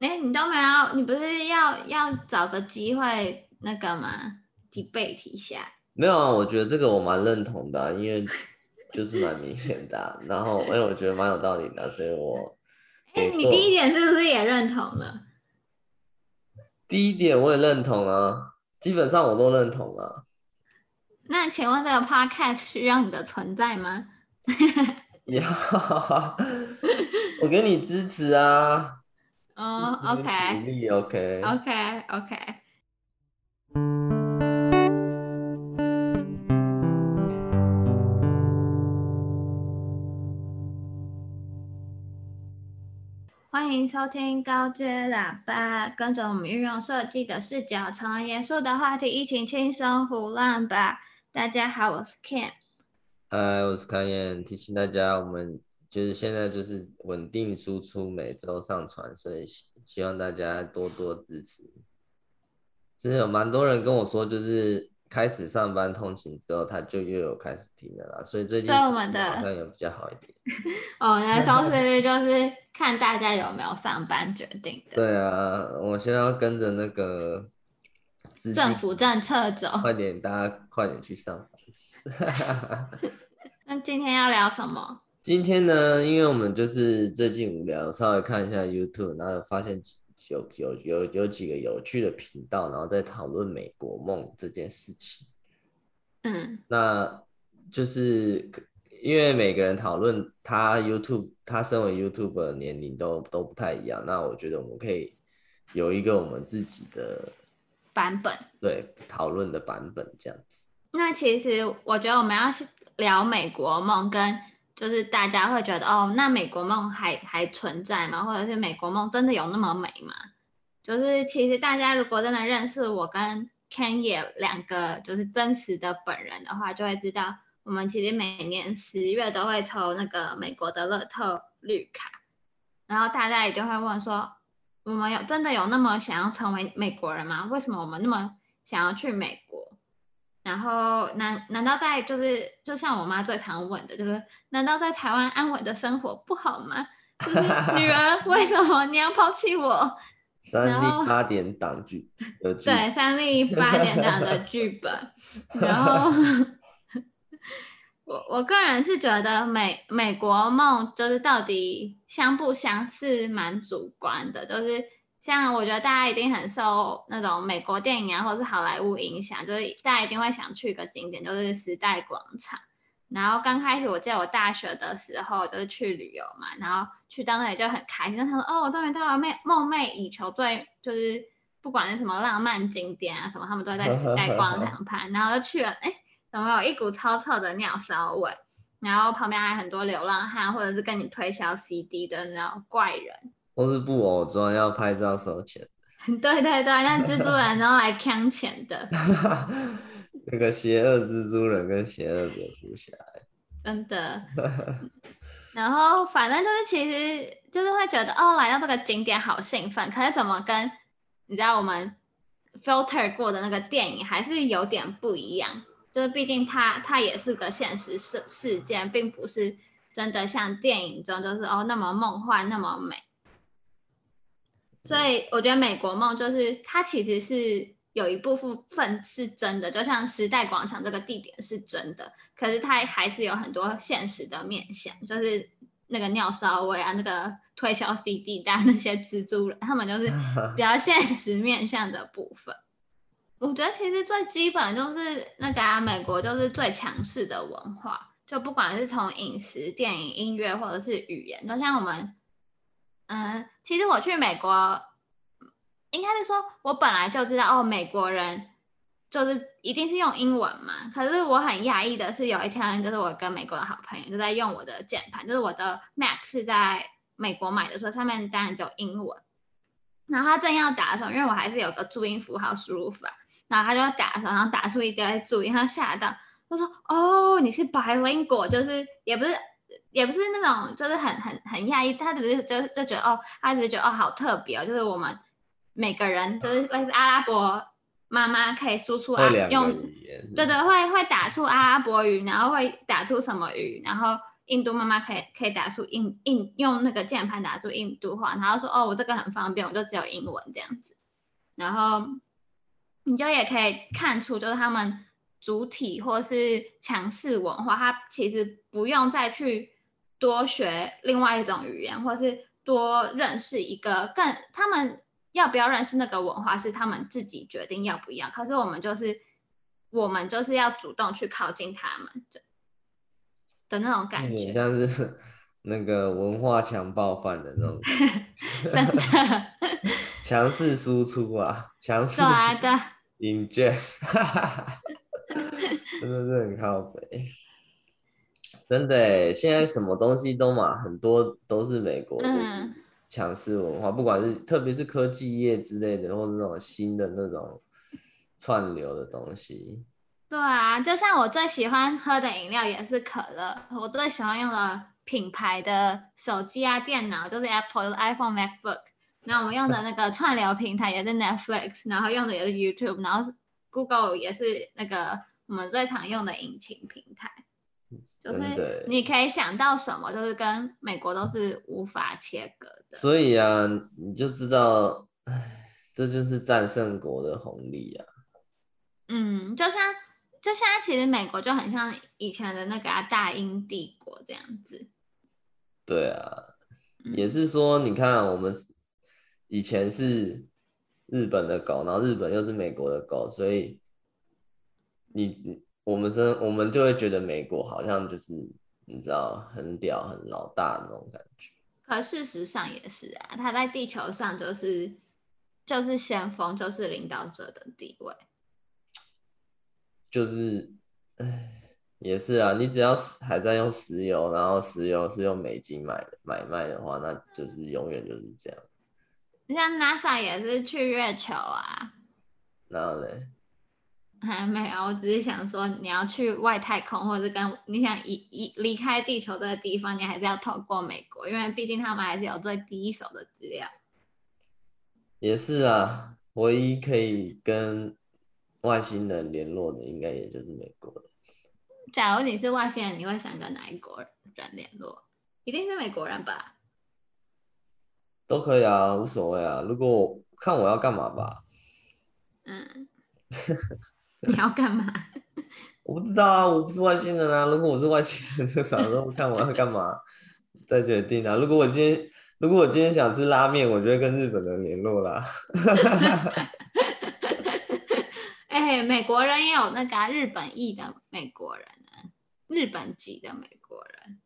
哎、欸，你都沒有，你不是要要找個機會那個嗎？debate 一下。沒有啊，我覺得這個我蠻認同的、啊，因為就是蠻明顯的、啊， 然後因、欸、我覺得蠻有道理的、啊，所以我哎、欸，你第一點是不是也認同了？第一點我也認同啊，基本上我都認同啊。那請問這個 Podcast 需要你的存在嗎？要， 我給你支持啊。哦、oh,，OK，OK，OK，OK okay. Okay, okay, okay. 歡迎收聽高階喇叭，跟着我們運用設計的視角，從嚴肅的話題一起輕鬆胡亂吧。大家好，我是 Kim。呃，我是 Kayan，提醒大家，我們。就是現在，就是穩定輸出，每周上傳，所以希望大家多多支持。真的有蠻多人跟我說，就是開始上班通勤之後，他就又有開始聽了啦。所以最近對我的好像有比較好一點。哦，那稍微就是看大家有沒有上班決定的。 對啊，我現在要跟着那個政府政策走，快點，大家快點去上班。 那今天要聊什麼？今天呢，因為我們就是最近無聊，稍微看一下 YouTube，然後發現有有有有幾個有趣的頻道，然後在討論美國夢這件事情。嗯，那就是因為每個人討論他 YouTube，他身為 YouTuber 的年齡都都不太一樣。那我覺得我們可以有一個我們自己的版本，對，討論的版本這樣子。那其實我覺得我們要是聊美國夢跟。就是大家會覺得哦，那美國夢還還存在嗎？或者是美國夢真的有那麼美嗎？就是其實大家如果真的認識我跟 Kenya 兩個就是真實的本人的話，就會知道我們其實每年十月都會抽那個美國的樂透綠卡，然後大家也就會問說，我們有真的有那麼想要成為美國人嗎？為什麼我們那麼想要去美國？然後難難道在就是就像我媽最常問的，就是難道在台灣安穩的生活不好嗎？就是女兒，為什麼你要拋棄我？ 然後三立八點檔劇， 對，三立八點檔的劇本。 然後我我個人是覺得美美國夢就是到底相不相似蠻主觀的，就是。這樣我覺得大家一定很受那種美國電影啊，或者是好萊塢影響，就是大家一定會想去一個景點，就是時代廣場。然後剛開始我記得我大學的時候就是去旅遊嘛，然後去到那裡就很開心，他說哦，終於到了夢寐以求最就是不管是什麼浪漫景點啊什麼，他們都會在時代廣場拍，然後就去了。哎、欸，怎麼有一股超臭的尿騷味？然後旁邊還有很多流浪漢，或者是跟你推銷 CD 的那種怪人。都是布偶裝要拍照收錢， 對對對，那蜘蛛人然後來搶錢的。 那個邪惡蜘蛛人跟邪惡蝙蝠俠， 真的。然後反正就是其實就是會覺得哦，來到這個景點好興奮。可是怎麼跟你知道我們 filter 過的那個電影還是有點不一樣？就是畢竟它它也是個現實事事件，並不是真的像電影中就是哦那麼夢幻那麼美。所以我覺得美國夢就是它其實是有一部分是真的，就像時代廣場這個地點是真的，可是它還是有很多現實的面向，就是那個尿騷味啊，那個推銷 CD 單那些蜘蛛人，他們就是比較現實面向的部分。我覺得其實最基本就是那個、啊、美國就是最強勢的文化，就不管是從飲食、電影、音樂或者是語言，就像我們。嗯，其實我去美國，應該是說我本來就知道哦，美國人就是一定是用英文嘛。可是我很訝異的是，有一天就是我跟美國的好朋友就在用我的鍵盤，就是我的 Mac 是在美國買的時候，所以上面當然只有英文。然後他正要打的時候，因為我還是有個注音符號輸入法，然後他就要打的時候，然後打出一個注音，他嚇到，他說：“哦，你是 bilingual，就是也不是。”也不是那種，就是很很很訝異，他只是就就覺得哦，他只是覺得哦，好特別哦，就是我們每個人就是類似阿拉伯媽媽 可以輸出阿、啊、用對，對對，會會打出阿拉伯語，然後會打出什麼語，然後印度媽媽可以可以打出印印用那個鍵盤打出印度話，然後說哦，我這個很方便，我就只有英文這樣子，然後你就也可以看出，就是他們主體或是強勢文化，它其實不用再去。多學另外一種語言，或是多認識一個更他們要不要認識那個文化是他們自己決定要不要。可是我們就是我們就是要主動去靠近他們的，的那種感覺，像是那個文化強暴犯的那種，強勢輸出啊，強勢輸的 inject 真的是很靠北。真的、欸，現在什麼東西都嘛，很多都是美國的強勢文化，嗯，不管是特別是科技業之類的，或者那種新的那種串流的東西。對啊，就像我最喜歡喝的飲料也是可樂，我最喜歡用的品牌的手機啊，電腦就是 Apple 的 iPhone，MacBook，然後我們用的那個串流平台也是 Netflix， 然後用的也是 YouTube，然後 Google 也是那個我們最常用的引擎平台。就是，你可以想到什麼，就是跟美國都是無法切割的。所以啊，你就知道，哎，這就是戰勝國的紅利啊。嗯，就像就像其實美國就很像以前的那個大英帝國這樣子。對啊，也是說，你看我們以前是日本的狗，然後日本又是美國的狗，所以你。我們真，我們就會覺得美國好像就是你知道，很屌，很老大的那種感覺。可事實上也是啊，它在地球上就是就是先鋒，就是領導者的地位。就是，哎，也是啊。你只要還在用石油，然後石油是用美金買買賣的話，那就是永遠就是這樣。你像 NASA 也是去月球啊。然後嘞？還沒有，我只是想說，你要去外太空，或者跟你想離一離開地球的地方，你還是要透過美國，因為畢竟他們還是有最第一手的資料。也是啊，我唯一可以跟外星人聯絡的，應該也就是美國了。假如你是外星人，你會想跟哪一國人聯絡？一定是美國人吧？都可以啊，無所謂啊。如果看我要幹嘛吧。嗯。 你要幹嘛？我不知道啊，我不是外星人啊。如果我是外星人，就啥都不看，我要幹嘛再 決定啊。如果我今天，如果我今天想吃拉麵，我就會跟日本人聯絡啦。哎、 欸，美國人也有那個、啊、日本裔的美國人啊，日本籍的美國人。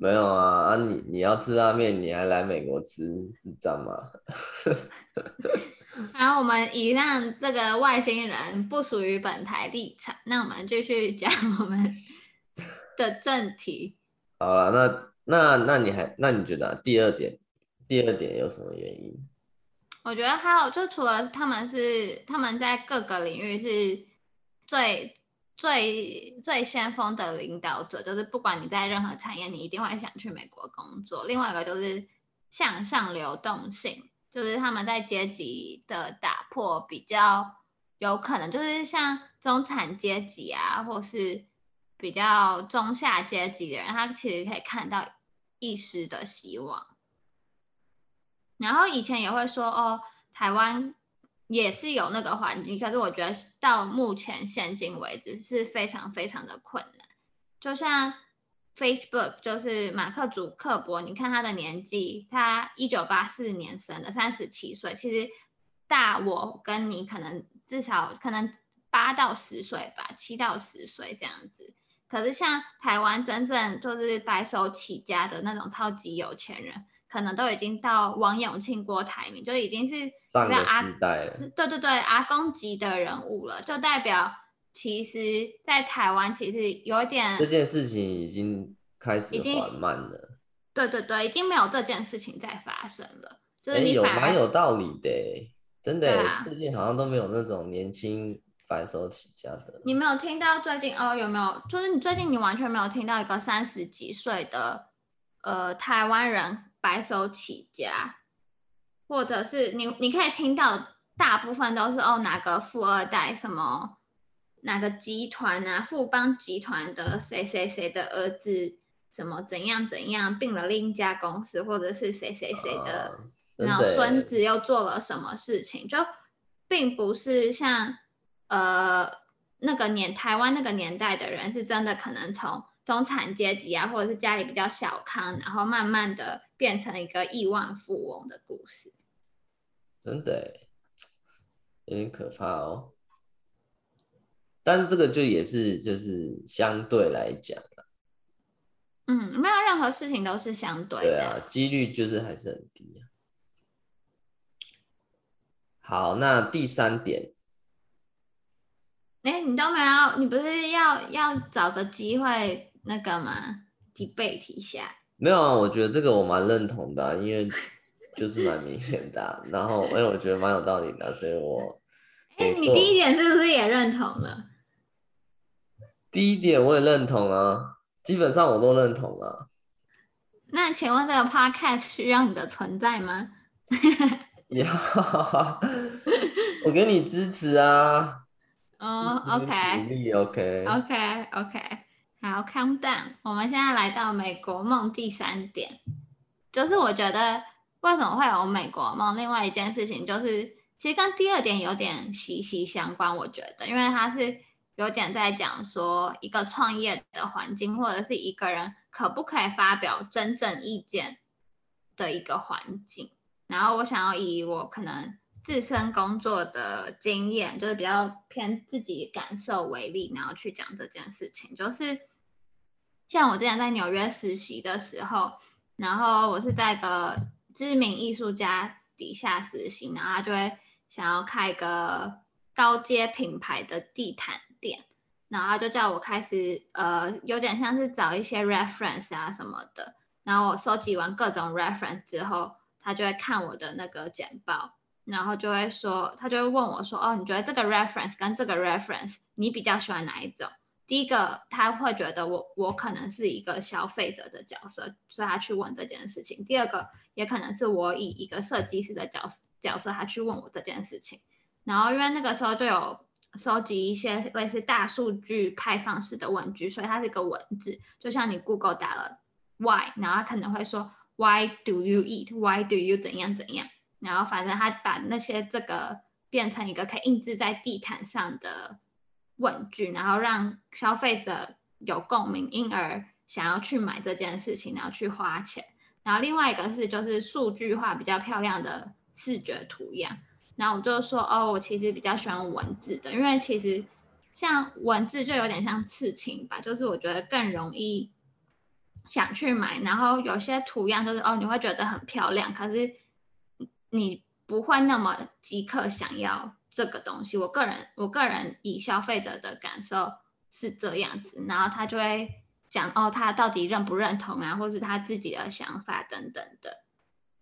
沒有啊，啊你你要吃拉麵，你還來美國吃知道嗎？然後， 我們以上這個外星人不屬於本台立場，那我們繼續講我們的正題。好了，那那那你還那你覺得、啊、第二點，第二點有什麼原因？我覺得還有就除了他們是他們在各個領域是最。最最先鋒的領導者，就是不管你在任何產業，你一定會想去美國工作。另外一個就是向上流動性，就是他們在階級的打破比較有可能，就是像中產階級啊，或是比較中下階級的人，他其實可以看到一絲的希望。然後以前也會說哦，台灣。也是有那個環境，可是我覺得到目前現今為止是非常非常的困難。就像 Facebook 就是馬克·祖克伯，你看他的年紀，他一九八四年生的，三十七歲，其實大我跟你可能至少可能八到十歲吧，七到十歲這樣子。可是像台灣真正就是白手起家的那種超級有錢人，可能都已經到王永慶、郭台銘，就已經是上個時代了，啊。對對對，阿公級的人物了，就代表其實，在台灣其實有一點這件事情已經開始已經緩慢了。對對對，已經沒有這件事情在發生了。就哎、是欸，有蠻有道理的，欸，真的，欸啊，最近好像都沒有那種年輕白手起家的。你沒有聽到最近哦？有沒有？就是你最近你完全沒有聽到一個三十幾歲的呃台灣人？白手起家，或者是你，你可以聽到大部分都是哦，哪個富二代，什麼哪個集團啊，富邦集團的誰誰誰的兒子，什麼怎樣怎樣併了另一家公司，或者是誰誰誰的，啊，的然後孫子又做了什麼事情，就並不是像呃那個年台灣那個年代的人是真的可能從。中產階級啊，或者是家裡比較小康，然後慢慢的變成一個億萬富翁的故事，真的有、欸、點、欸、可怕哦、喔。但這個就也是，就是相對來講。嗯，沒有任何事情都是相對的，對啊，幾率就是還是很低。好，那第三點，哎、欸，你都沒有，你不是要要找個機會？那個嘛，debate 一下。沒有啊，我覺得這個我蠻認同的、啊，因為就是蠻明顯的、啊， 然後，因、欸、我覺得蠻有道理的、啊，所以我，哎、欸，你第一點是不是也認同了？第一點我也認同啊，基本上我都認同啊。那請問這個 podcast 需要你的存在嗎？ yeah, 我給你支持啊。哦、oh，OK，努力，OK，OK，OK。Okay. Okay, okay. 好，calm down。我們現在來到美國夢第三點，就是我覺得為什麼會有美國夢。另外一件事情就是，其實跟第二點有點息息相關。我覺得，因為它是有點在講說一個創業的環境，或者是一個人可不可以發表真正意見的一個環境。然後，我想要以我可能。自身工作的經驗，就是比較偏自己感受為例，然後去講這件事情。就是像我之前在紐約實習的時候，然後我是在一個知名藝術家底下實習，然後他就會想要開一個高階品牌的地毯店，然後他就叫我開始呃，有點像是找一些 reference 啊什麼的。然後我收集完各種 reference 之後，他就會看我的那個簡報。然後就會說，他就會問我說：“哦，你覺得這個 reference 跟這個 reference，你比較喜歡哪一種？”第一個，他會覺得我我可能是一個消費者的角色，所以他去問這件事情。第二個，也可能是我以一個設計師的角色角色，他去問我這件事情。然後因為那個時候就有收集一些類似大數據開放式的問句，所以它是一個文字，就像你 Google 打了 Why，然後他可能會說 Why do you eat？Why do you 怎樣怎樣？然後，反正他把那些這個變成一個可以印製在地毯上的問句，然後讓消費者有共鳴，因而想要去買這件事情，然後去花錢。然後另外一個是就是數據化比較漂亮的視覺圖樣。然後我就說哦，我其實比較喜歡文字的，因為其實像文字就有點像刺青吧，就是我覺得更容易想去買。然後有些圖樣就是哦，你會覺得很漂亮，可是。你不會那麼即刻想要這個東西，我個人我個人以消費者的感受是這樣子，然後他就會講哦，他到底認不認同啊，或是他自己的想法等等的，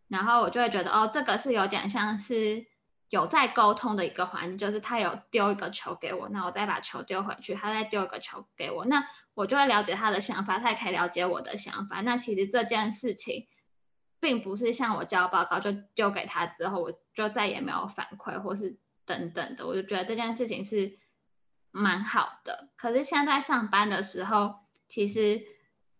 然後我就會覺得哦，這個是有點像是有在溝通的一個環境，就是他有丟一個球給我，那我再把球丟回去，他再丟一個球給我，那我就會了解他的想法，他也可以了解我的想法，那其實這件事情。並不是像我交報告就丟給他之後，我就再也沒有反饋或是等等的，我就覺得這件事情是蠻好的。可是現在在上班的時候，其實，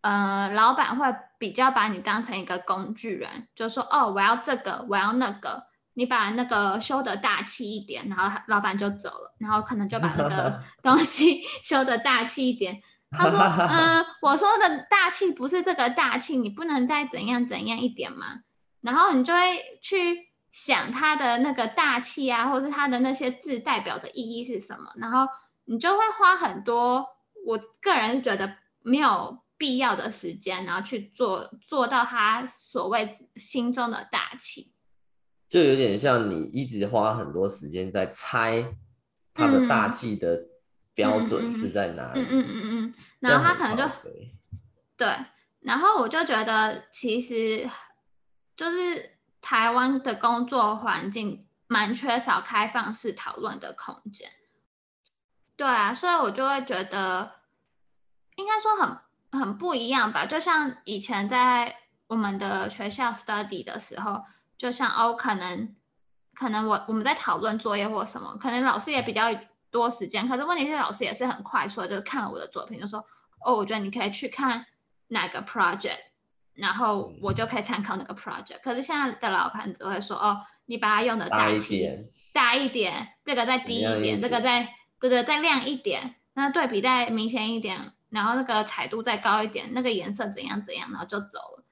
呃，老闆會比較把你當成一個工具人，就說：“哦，我要這個，我要那個，你把那個修得大氣一點。”然後老闆就走了，然後可能就把那個東西 修得大氣一點。 他說：“嗯，我說的大氣不是這個大氣，你不能再怎樣怎樣一點嘛。然後你就會去想他的那個大氣啊，或者是他的那些字代表的意義是什麼。然後你就會花很多，我個人是覺得沒有必要的時間，然後去做做到他所謂心中的大氣，就有點像你一直花很多時間在猜他的大氣的、嗯。”標準是在哪裡？嗯嗯嗯嗯，然後他可能就 對，然後我就覺得其實就是台灣的工作環境蠻缺少開放式討論的空間。對啊，所以我就會覺得應該說很很不一樣吧。就像以前在我們的學校 study 的時候，就像哦，可能可能我我們在討論作業或什麼，可能老師也比較。多時間，可是問題是老師也是很快速，就看了我的作品，就說哦，我覺得你可以去看哪個 project，然後我就可以參考哪個 project。嗯。可是現在的老闆只會說哦，你把它用的大氣，大一點，大一點，這個再低一點，一點這個再，這個再亮一點，那對比再明顯一點，然後那個彩度再高一點，那個顏色怎樣怎樣，然後就走了。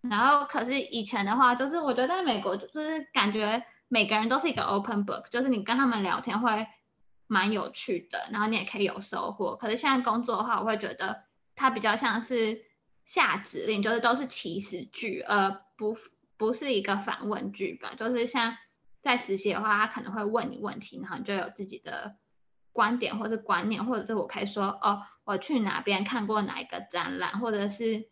然後可是以前的話，就是我覺得在美國就是感覺每個人都是一個 open book，就是你跟他們聊天會。蠻有趣的，然後你也可以有收穫。可是現在工作的話，我會覺得它比較像是下指令，就是都是祈使句，呃，不，不是一個反問句吧？就是像在實習的話，他可能會問你問題，然後你就有自己的觀點，或是觀念，或者是我可以說哦，我去哪邊看過哪一個展覽，或者是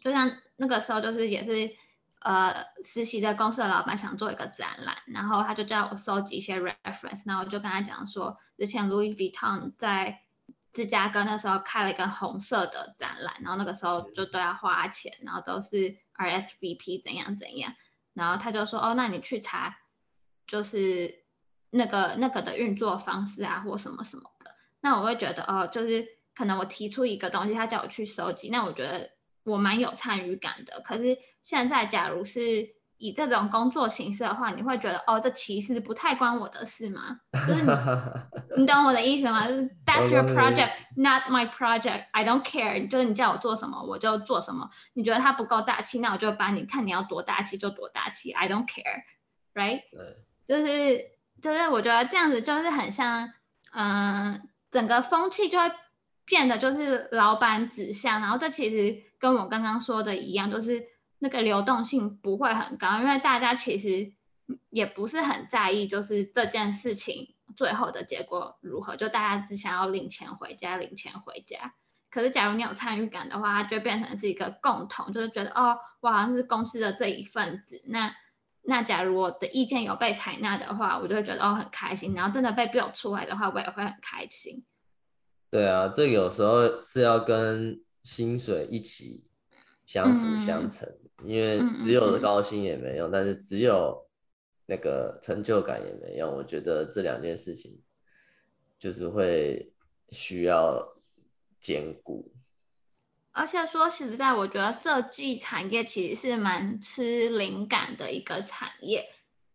就像那個時候，就是也是。呃、uh，實習的公司的老闆想做一個展覽，然後他就叫我收集一些 reference，然後我就跟他講說，之前 Louis Vuitton 在芝加哥那時候開了一個紅色的展覽，然後那個時候就都要花錢，然後都是 RSVP 怎樣怎樣，然後他就說，哦，那你去查，就是那個那個的運作方式啊，或什麼什麼的。那我會覺得，哦，就是可能我提出一個東西，他叫我去收集，那我覺得。我蠻有參與感的，可是現在假如是以這種工作形式的話，你會覺得哦，這其實不太關我的事嗎？就是你， 你懂我的意思嗎？ 就是 That's your project, not my project. I don't care。 就是你叫我做什麼，我就做什麼。你覺得他不夠大氣，那我就把你看你要多大氣就多大氣。I don't care, right？就 是就是，就是、我覺得這樣子就是很像，嗯、呃，整個風氣就會。變得就是老闆指向，然後這其實跟我剛剛說的一樣，就是那個流動性不會很高，因為大家其實也不是很在意，就是這件事情最後的結果如何，就大家只想要領錢回家，領錢回家。可是假如你有參與感的話，它就變成是一個共同，就是覺得哦，我好像是公司的這一份子。那那假如我的意見有被採納的話，我就會覺得哦很開心。然後真的被標出來的話，我也會很開心。對啊，這有時候是要跟薪水一起相輔相成，嗯、因為只有高薪也沒用，嗯嗯，但是只有那個成就感也沒用。我覺得這兩件事情就是會需要兼顧。而且說實在，我覺得設計產業其實是蠻吃靈感的一個產業，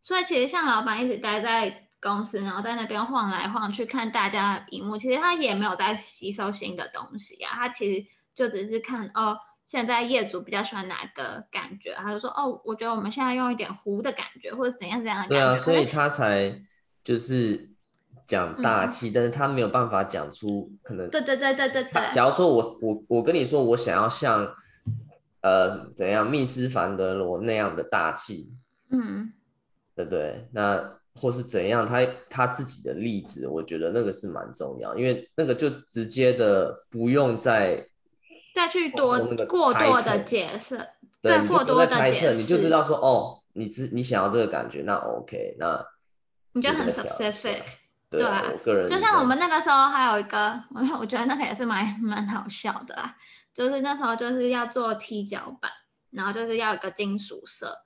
所以其實像老板一直待在。公司，然後在那邊晃來晃去，看大家的熒幕，其實他也沒有在吸收新的東西啊，他其實就只是看哦，現在業主比較喜歡哪個感覺，他就說哦，我覺得我們現在用一點糊的感覺，或者怎樣怎樣的感覺，對啊，所，所以他才就是講大氣，嗯，但是他沒有辦法講出可能。對對對對對對。假如說我我我跟你說，我想要像呃怎樣，密斯凡德羅那樣的大氣，嗯，對對，那。或是怎樣，他他自己的例子，我覺得那個是蠻重要，因為那個就直接的不用再再去多過多的解釋，對，過多的解釋，你就知道說哦，你知你想要這個感覺，那 OK，那就調調你覺得很 specific，對，對啊，對對啊，我個人，就像我們那個時候還有一個，我我覺得那個也是蠻蠻好笑的啦、啊，就是那時候就是要做踢腳板，然後就是要有一個金屬色。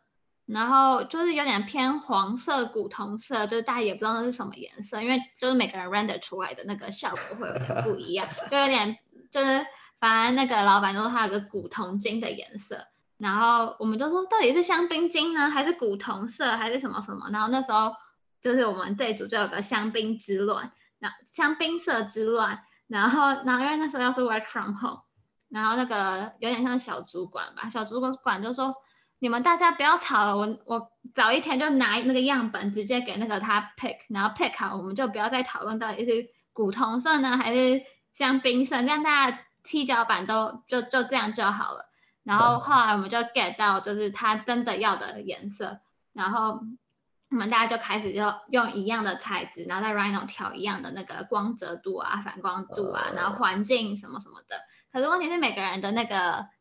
然後就是有點偏黃色古銅色，就是大家也不知道那是什麼顏色，因為就是每個人 render 出來的那個效果會有點不一樣， 就有點就是反正那個老板都說他有個古銅金的顏色，然後我們就說到底是香檳金呢，還是古銅色，還是什麼什麼？然後那時候就是我們這一組就有個香檳之亂，那香檳色之亂，然後然後因為那時候要是 work from home，然後那個有點像小主管吧，小主管就說。你們大家不要吵了，我我早一天就拿那個樣本直接給那個他 pick，然後 pick 好，我們就不要再討論到底是古銅色呢，還是香檳色，讓大家踢腳板都就就這樣就好了。然後後來我們就 get 到就是他真的要的顏色，然後我們大家就開始就用一樣的材質，然後在 Rhino 調一樣的那個光澤度啊、反光度啊，然後環境什麼什麼的。可是問題是每個人的那個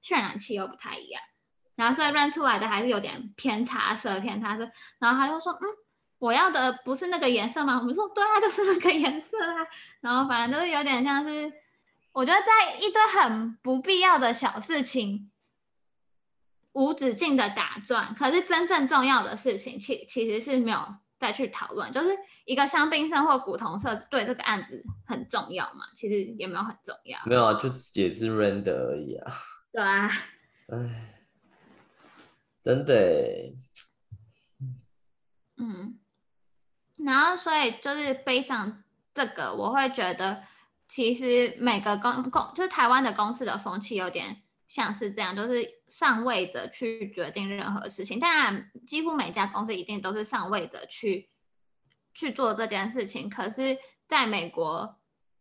渲染器又不太一樣。然後所以 render 出來的還是有點偏茶色，偏茶色。然後他就說，嗯，我要的不是那個顏色嗎？我們說，對啊，就是那個顏色啊。然後反正就是有點像是，我覺得在一堆很不必要的小事情無止境的打轉，可是真正重要的事情，其其實是沒有再去討論。就是一個香檳色或古銅色對這個案子很重要嘛？其實也沒有很重要。沒有啊，就也是 render 而已啊。對啊。唉。真的，嗯，然後所以就是 based on this，我會覺得其實每個公公就是台灣的公司的風氣有點像是這樣，就是上位者去決定任何事情，當然幾乎每家公司一定都是上位者去去做這件事情，可是在美國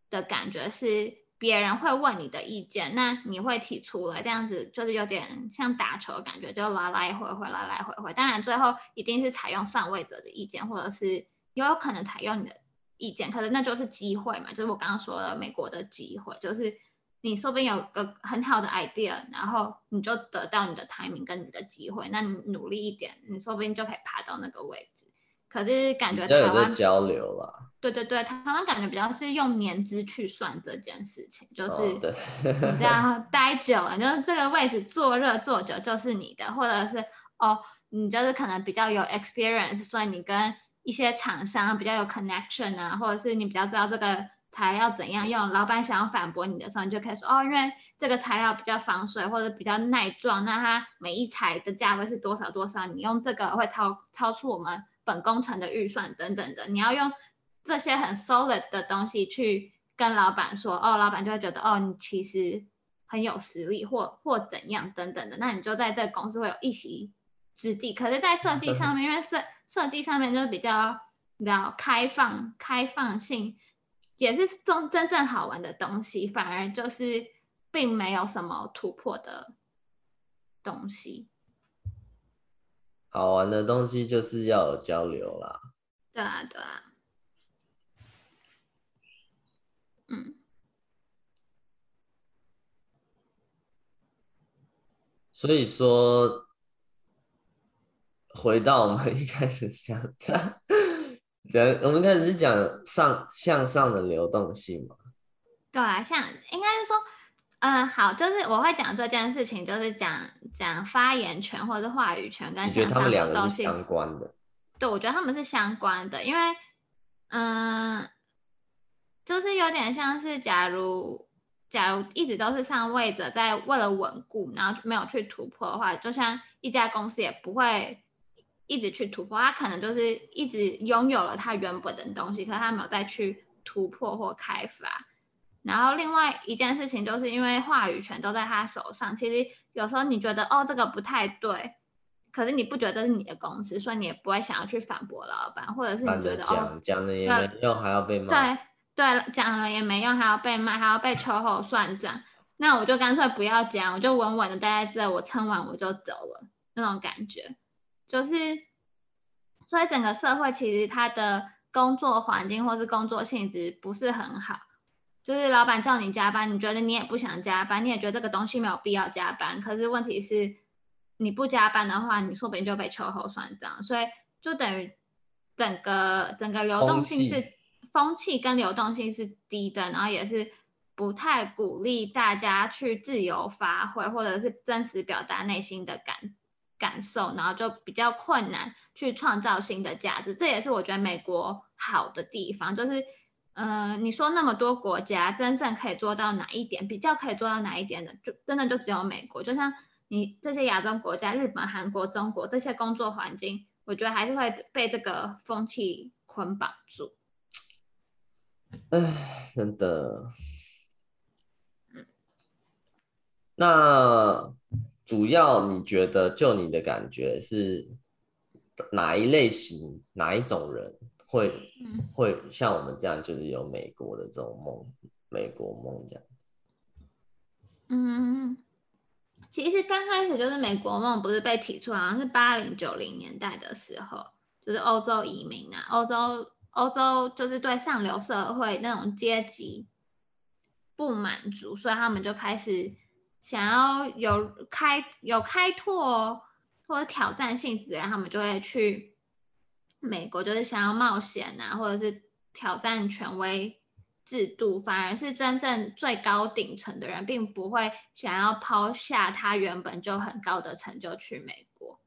的感覺是。別人會問你的意見，那你會提出來，這樣子就是有點像打球感覺，就來來回回，來來回回。當然最後一定是採用上位者的意見，或者是也有可能採用你的意見。可是那就是機會嘛，就是我剛剛說的美國的機會，就是你說不定有個很好的 idea，然後你就得到你的排名跟你的機會。那你努力一點，你說不定就可以爬到那個位置。可是感覺台灣比較有在交流了、啊。對對對，他們感覺比較是用年資去算這件事情，就是你這樣待久了，oh, 就是這個位置坐熱坐久就是你的，或者是哦，你就是可能比較有 experience，所以你跟一些廠商比較有 connection 啊，或者是你比較知道這個材料怎樣用。老闆想要反駁你的時候，你就可以說哦，因為這個材料比較防水或者比較耐撞，那它每一材的價位是多少多少，你用這個會超超出我們本工程的預算等等的，你要用，這些很 solid 的東西去跟老闆說哦，老闆就會覺得哦，你其實很有實力或或怎樣等等的，那你就在這個公司會有一席之地。可是，在設計上面， 因為設設計上面就是比較比較開放，開放性也是真真正好玩的東西，反而就是並沒有什麼突破的東西。好玩的東西就是要交流啦。對啊，對啊。嗯，所以說，回到我們一開始講的，人我們開始是講上向上的流動性嘛？對，啊，像應該是說，嗯、呃，好，就是我會講這件事情，就是講講發言權或者話語權跟向上的東西，覺得他們兩個是相關的。對，我覺得他們是相關的，因為嗯。呃就是有點像是，假如假如一直都是上位者在為了穩固，然後沒有去突破的話，就像一家公司也不會一直去突破，他可能就是一直擁有了他原本的東西，可是他沒有再去突破或開發。然後另外一件事情，就是因為話語權都在他手上，其實有時候你覺得哦這個不太對，可是你不覺得是你的公司，所以你也不會想要去反駁老闆，或者是你覺得講哦講的也沒用，對。對，講了也沒用，還要被罵，還要被秋後算賬。那我就乾脆不要講，我就穩穩的待在這，我撐完我就走了。那種感覺，就是所以整個社會其實他的工作環境或是工作性質不是很好，就是老板叫你加班，你覺得你也不想加班，你也覺得這個東西沒有必要加班。可是問題是，你不加班的話，你說不定就被秋後算賬。所以就等於整個整個流動性是。風氣跟流動性是低的，然後也是不太鼓勵大家去自由發揮，或者是真實表達內心的感感受，然後就比較困難去創造新的價值。這也是我覺得美國好的地方，就是，嗯、呃，你說那麼多國家，真正可以做到哪一點，比較可以做到哪一點的，就真的就只有美國。就像你這些亞洲國家，日本、韓國、中國這些工作環境，我覺得還是會被這個風氣捆綁住。哎，真的。那主要你覺得，就你的感覺是哪一類型、哪一種人會、嗯、會像我們這樣，就是有美國的這種夢、美國夢這樣子？嗯，其實剛開始就是美國夢不是被提出來，好像是八零九零年代的時候，就是歐洲移民啊，歐洲。歐洲就是對上流社會那種階級不滿足，所以他們就開始想要有開有開拓或者挑戰性質，他們就會去美國，就是想要冒險啊，或者是挑戰權威制度。反而是真正最高頂層的人，並不會想要拋下他原本就很高的成就去美國。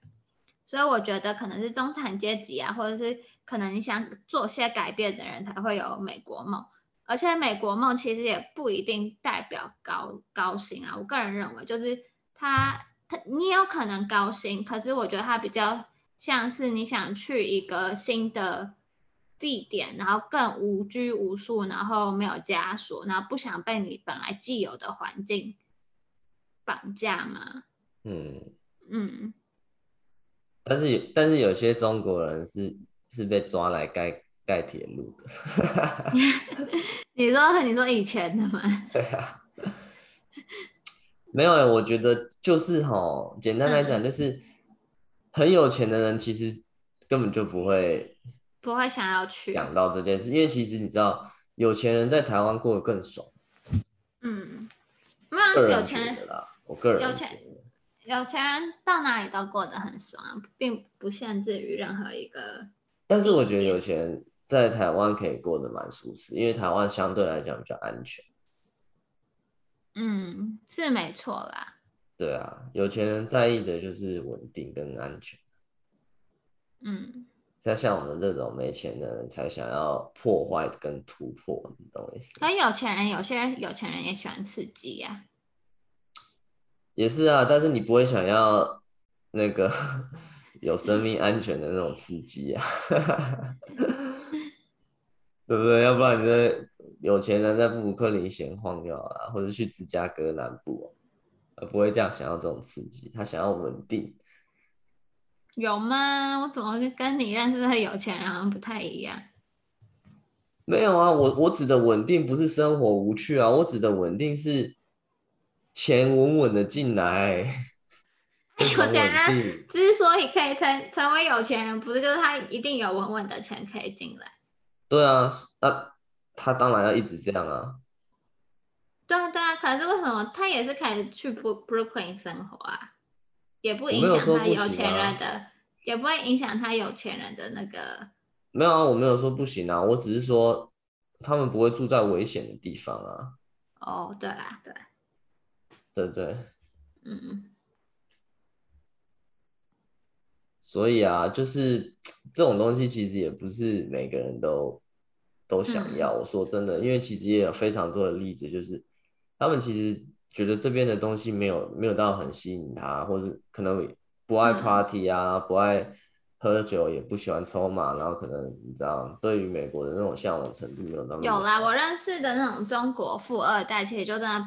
所以我覺得可能是中產階級啊，或者是。可能你想做些改變的人才會有美國夢，而且美國夢其實也不一定代表高高薪啊。我個人認為，就是他他你有可能高薪，可是我覺得他比較像是你想去一個新的地點，然後更無拘無束，然後沒有枷鎖，然後不想被你本來既有的環境綁架嘛。嗯嗯，但是有，但是有些中國人是。是被抓來蓋蓋鐵路的。 你說你說以前的嗎？對啊。沒有、欸、我覺得就是齁，簡單來講就是、嗯、很有錢的人其實根本就不會不會想要去想到這件事，因為其實你知道，有錢人在台灣過得更爽。嗯，沒有有錢人，我個人有錢有錢人到哪裡都過得很爽，並不限制於任何一個。但是我覺得有錢在台灣可以過得蠻舒適，因為台灣相對來講比較安全。嗯，是沒錯啦。對啊，有錢人在意的就是穩定跟安全。嗯，像像我們這種沒錢的人才想要破壞跟突破，你懂我意思嗎？但有錢人，有些人有錢人也喜歡刺激呀、啊。也是啊，但是你不會想要那個。 有生命安全的那種刺激啊 對不對？要不然，你這有錢人在布魯克林閒晃悠啊，或者去芝加哥南部，啊，不會這樣想要這種刺激。他想要穩定 有嗎？我怎麼跟你認識的有錢人好像不太一樣？ 沒有啊，我我指的穩定不是生活無趣啊，我指的穩定是錢穩穩的進來、欸。有錢人、嗯、之所以可以成成為有錢人，不是就是他一定有穩穩的錢可以進來？對啊，那他,他當然要一直這樣啊。對啊，對啊。可是為什麼他也是可以去不不 o o 生活啊？也不影響他有錢人的，不啊、也不會影響他有錢人的那個。沒有啊，我沒有說不行啊，我只是說他們不會住在危險的地方啊。哦，對啦，對，對對,對，嗯。所以啊，就是這種東西其實也不是每個人都都想要，嗯。我說真的，因為其實也有非常多的例子，就是他們其實覺得這邊的東西沒有沒有到很吸引他，或是可能不愛 party 啊，嗯、不愛喝酒，也不喜歡抽嘛，然後可能你知道，對於美國的那種嚮往程度沒有那麼有啦。我認識的那種中國富二代，其實就在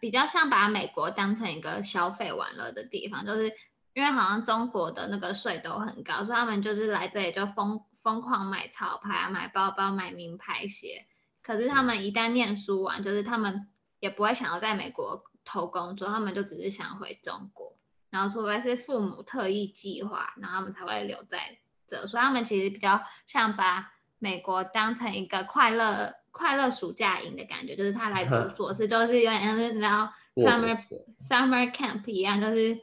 比較像把美國當成一個消費玩樂的地方，就是。因為好像中國的那個稅都很高，所以他們就是來這裡就瘋瘋狂買潮牌、買包包、買名牌鞋。可是他們一旦念書完，就是他們也不會想要在美國投工作，他們就只是想回中國。然後除非是父母特意計劃，然後他們才會留在這。所以他們其實比較像把美國當成一個快樂、嗯、快樂暑假營的感覺，就是他來讀碩就是有點然後 summer summer camp 一樣，就是。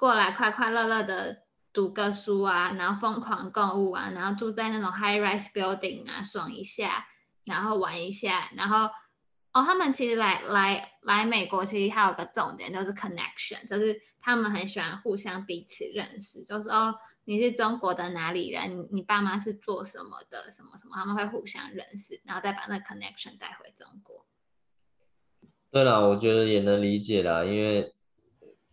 過來快快樂樂的讀個書啊，然後瘋狂購物啊，然後住在那種 high rise building 啊，爽一下，然後玩一下，然後哦，他們其實來來來美國，其實還有一個重點就是 connection，就是他們很喜歡互相彼此認識，就是哦，你是中國的哪裡人？你爸媽是做什麼的？什麼什麼？他們會互相認識，然後再把那個 connection 帶回中國。對了，我覺得也能理解啦，因為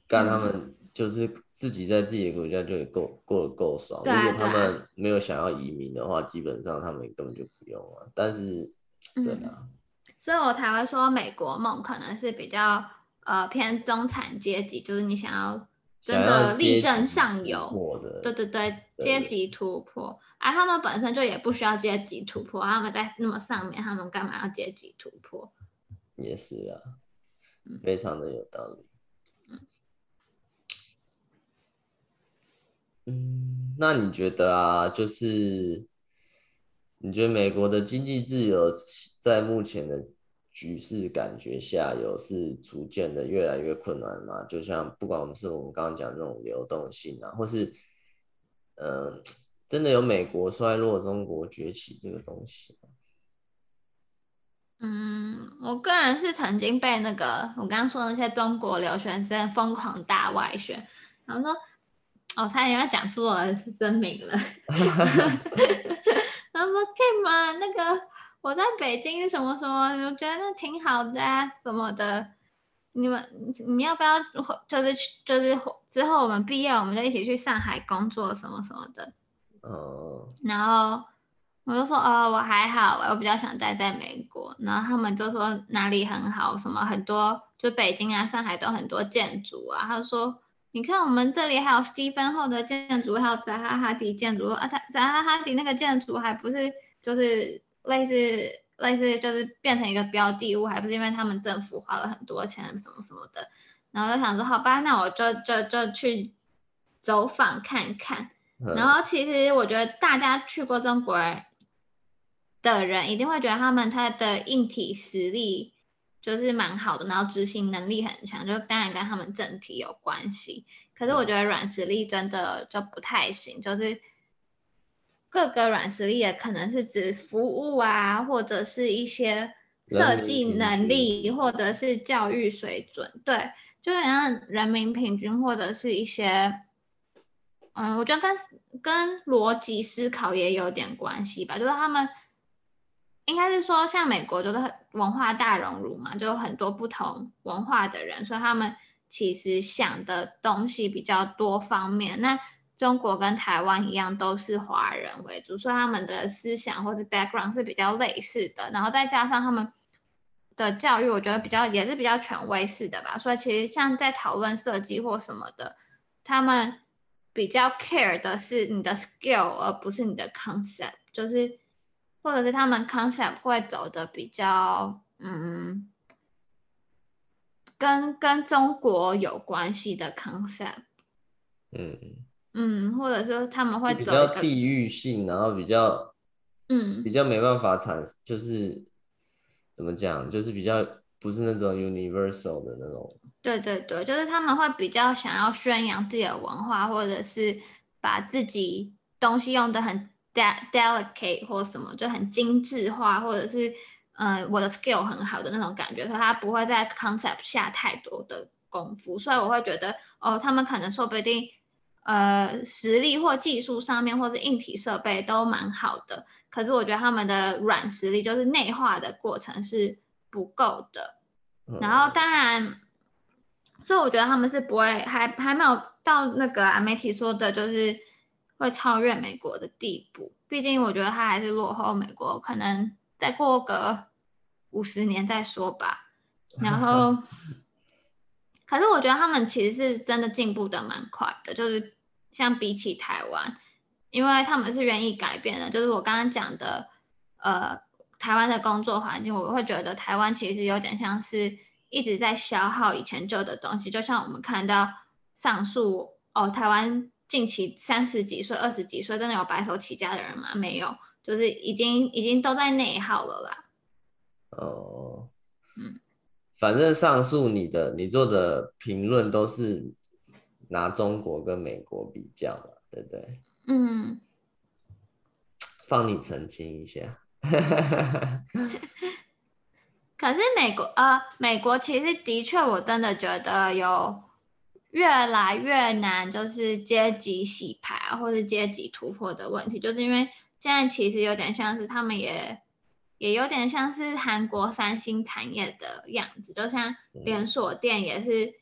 剛剛他們、嗯。就是自己在自己的國家就夠過得夠爽。對啊對啊。如果他們沒有想要移民的話，基本上他們根本就不用了。但是，真、嗯、的，所以我才會說美國夢可能是比較呃偏中產階級，就是你想要真的力爭上游，對對對，階級突破。而、啊、他們本身就也不需要階級突破，他們在那麼上面，他們幹嘛要階級突破？也是啊，非常的有道理。嗯嗯，那你覺得啊，就是你覺得美國的經濟自由在目前的局勢感覺下，有是逐漸的越來越困難嗎？就像不管我們是我們剛剛講的那種流動性啊，或是嗯，真的有美國衰落、中國崛起這個東西嗎？嗯，我個人是曾經被那個我剛剛說的那些中國留學生瘋狂大外宣，然後說。哦、oh,，他也要講出我的真名了。那麼，Kim，那個我在北京什麼什麼，我覺得挺好的、啊，什麼的。你們，你們要不要就是去，就是、就是、之後我們畢業，我們就一起去上海工作什麼什麼的？哦、oh.。然後我就說，哦、oh,，我還好、欸，我比較想待在美國。然後他們就說哪裡很好，什麼很多，就北京啊、上海都很多建築啊。他就說。你看，我們這裡還有 Steven Holl 的建築，還有扎哈哈迪建築啊，他扎哈哈迪那個建築還不是就是類似類似就是變成一個標的物，還不是因為他們政府花了很多錢什麼什麼的，然後就想說好吧，那我就就就，就去走訪看看、嗯。然後其實我覺得大家去過中國的人一定會覺得他們他的硬體實力。就是蠻好的，然後執行能力很強，就當然跟他們整體有關係。可是我覺得軟實力真的就不太行，就是各個軟實力也可能是指服務啊，或者是一些設計能力，或者是教育水準，對，就像人民平均或者是一些，嗯，我覺得跟跟邏輯思考也有點關係吧，就是他們。應該是說，像美國就是文化大熔爐嘛，就有很多不同文化的人，所以他們其實想的東西比較多方面。那中國跟台灣一樣，都是華人為主，所以他們的思想或者 background 是比較類似的。然後再加上他們的教育，我覺得比較也是比較權威式的吧。所以其實像在討論設計或什麼的，他們比較 care 的是你的 skill，而不是你的 concept，就是。或者是他們 concept 會走的比較，嗯，跟跟中國有關係的 concept，嗯嗯，或者說他們會比較地域性，然後比較，嗯，比較沒辦法產，就是怎麼講，就是比較不是那種 universal 的那種。對對對，就是他們會比較想要宣揚自己的文化，或者是把自己東西用的很。de delicate 或什麼就很精緻化，或者是，呃，我的 skill 很好的那種感覺，可是他不會在 concept 下太多的功夫，所以我會覺得，哦，他們可能說不定，呃，實力或技術上面，或是硬體設備都蠻好的，可是我覺得他們的軟實力，就是內化的過程是不夠的。然後，當然，所以我覺得他們是不會，還還沒有到那個阿媒體說的，就是。會超越美國的地步，畢竟我覺得它還是落後美國，可能再過個五十年再說吧。然後， 可是我覺得他們其實是真的進步得蠻快的，就是相比起台灣，因為他們是願意改變的。就是我剛剛講的，呃，台灣的工作環境，我會覺得台灣其實有點像是一直在消耗以前舊的東西，就像我們看到上述哦，台灣。近期三十幾歲、二十幾歲，真的有白手起家的人嗎？沒有，就是已經已經都在內耗了啦。哦，嗯，反正上述你的你做的評論都是拿中國跟美國比較嘛，對不對，對？嗯，幫你澄清一下。 可是美國呃，美國其實的確，我真的覺得有。越來越難，就是階級洗牌或是階級突破的問題，就是因為現在其實有點像是他們也也有點像是韓國三星產業的樣子，就像連鎖店也是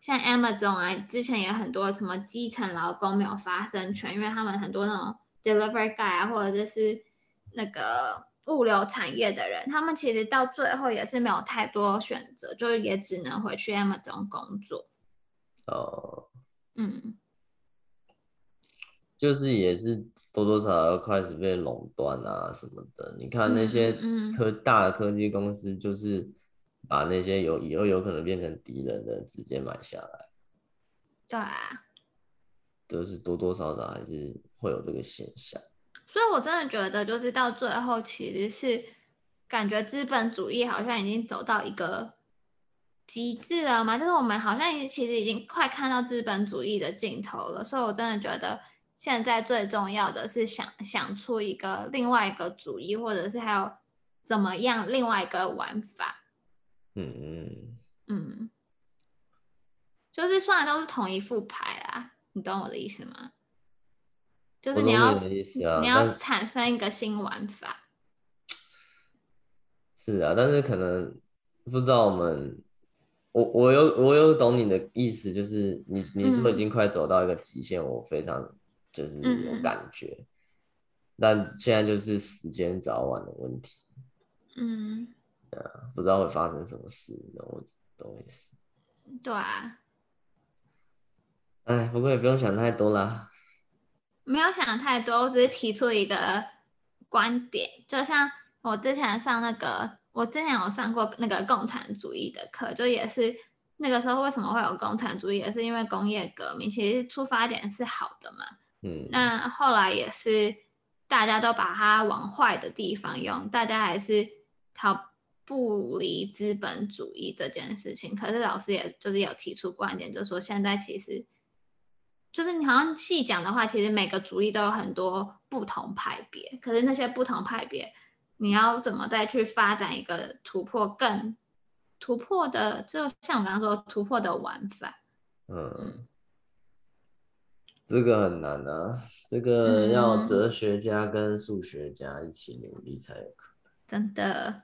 像 Amazon 啊，之前也有很多什麼基層勞工沒有發聲權，因為他們很多那種 delivery guy 啊，或者就是那個物流產業的人，他們其實到最後也是沒有太多選擇，就是也只能回去 Amazon 工作。哦，嗯，就是也是多多少少要開始被壟斷啊什麼的。你看那些科大的科技公司，就是把那些有以後有可能變成敵人的直接買下來。對、嗯，啊、嗯就是嗯嗯，就是多多少少還是會有這個現象。所以我真的覺得，就是到最後其實是感覺資本主義好像已經走到一個。極致了嗎？就是我們好像其實已經快看到資本主義的盡頭了，所以我真的覺得現在最重要的是想想出一個另外一個主義，或者是還有怎麼樣另外一個玩法。嗯嗯嗯，就是算都是同一副牌啦，你懂我的意思嗎？就是你要、啊、你要產生一個新玩法是。是啊，但是可能不知道我們。我我有我有懂你的意思，就是你你是不是已經快走到一個極限？嗯？我非常就是有感覺，嗯，但現在就是時間早晚的問題。嗯，啊，不知道會發生什麼事，那我懂意思。對啊。哎，不過也不用想太多啦。沒有想太多，我只是提出一個觀點，就像我之前上那個。我之前有上過那個共產主義的課，就也是那個時候為什麼會有共產主義，也是因為工業革命，其實出發點是好的嘛。嗯，那後來也是大家都把它往壞的地方用，大家還是逃不離資本主義這件事情。可是老師也就是有提出觀點，就是說現在其實就是你好像細講的話，其實每個主義都有很多不同派別，可是那些不同派別。你要怎麼再去發展一個突破更突破的？就像我剛剛說，突破的玩法。嗯嗯，這個很難呢，啊，這個要哲學家跟數學家一起努力才有可能，嗯。真的，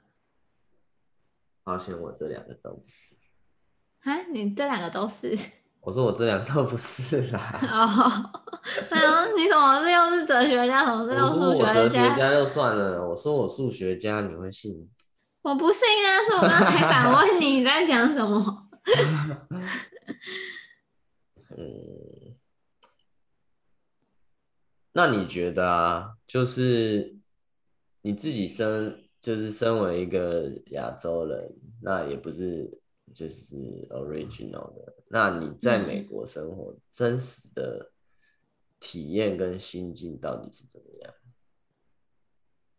發現我這兩個都是。啊，你這兩個都是。我說我這兩套不是啦。哦，oh，那你說你怎麼是又是哲學家，怎 麼是又是數學家？我說我哲學家就算了，我說我數學家你會信？我不信啊！是我剛才反問你在講什麼？ 嗯，那你覺得啊，就是你自己身，就是身為一個亞洲人，那也不是就是 original 的。Oh. 那你在美國生活、嗯、真實的體驗跟心境到底是怎麼樣？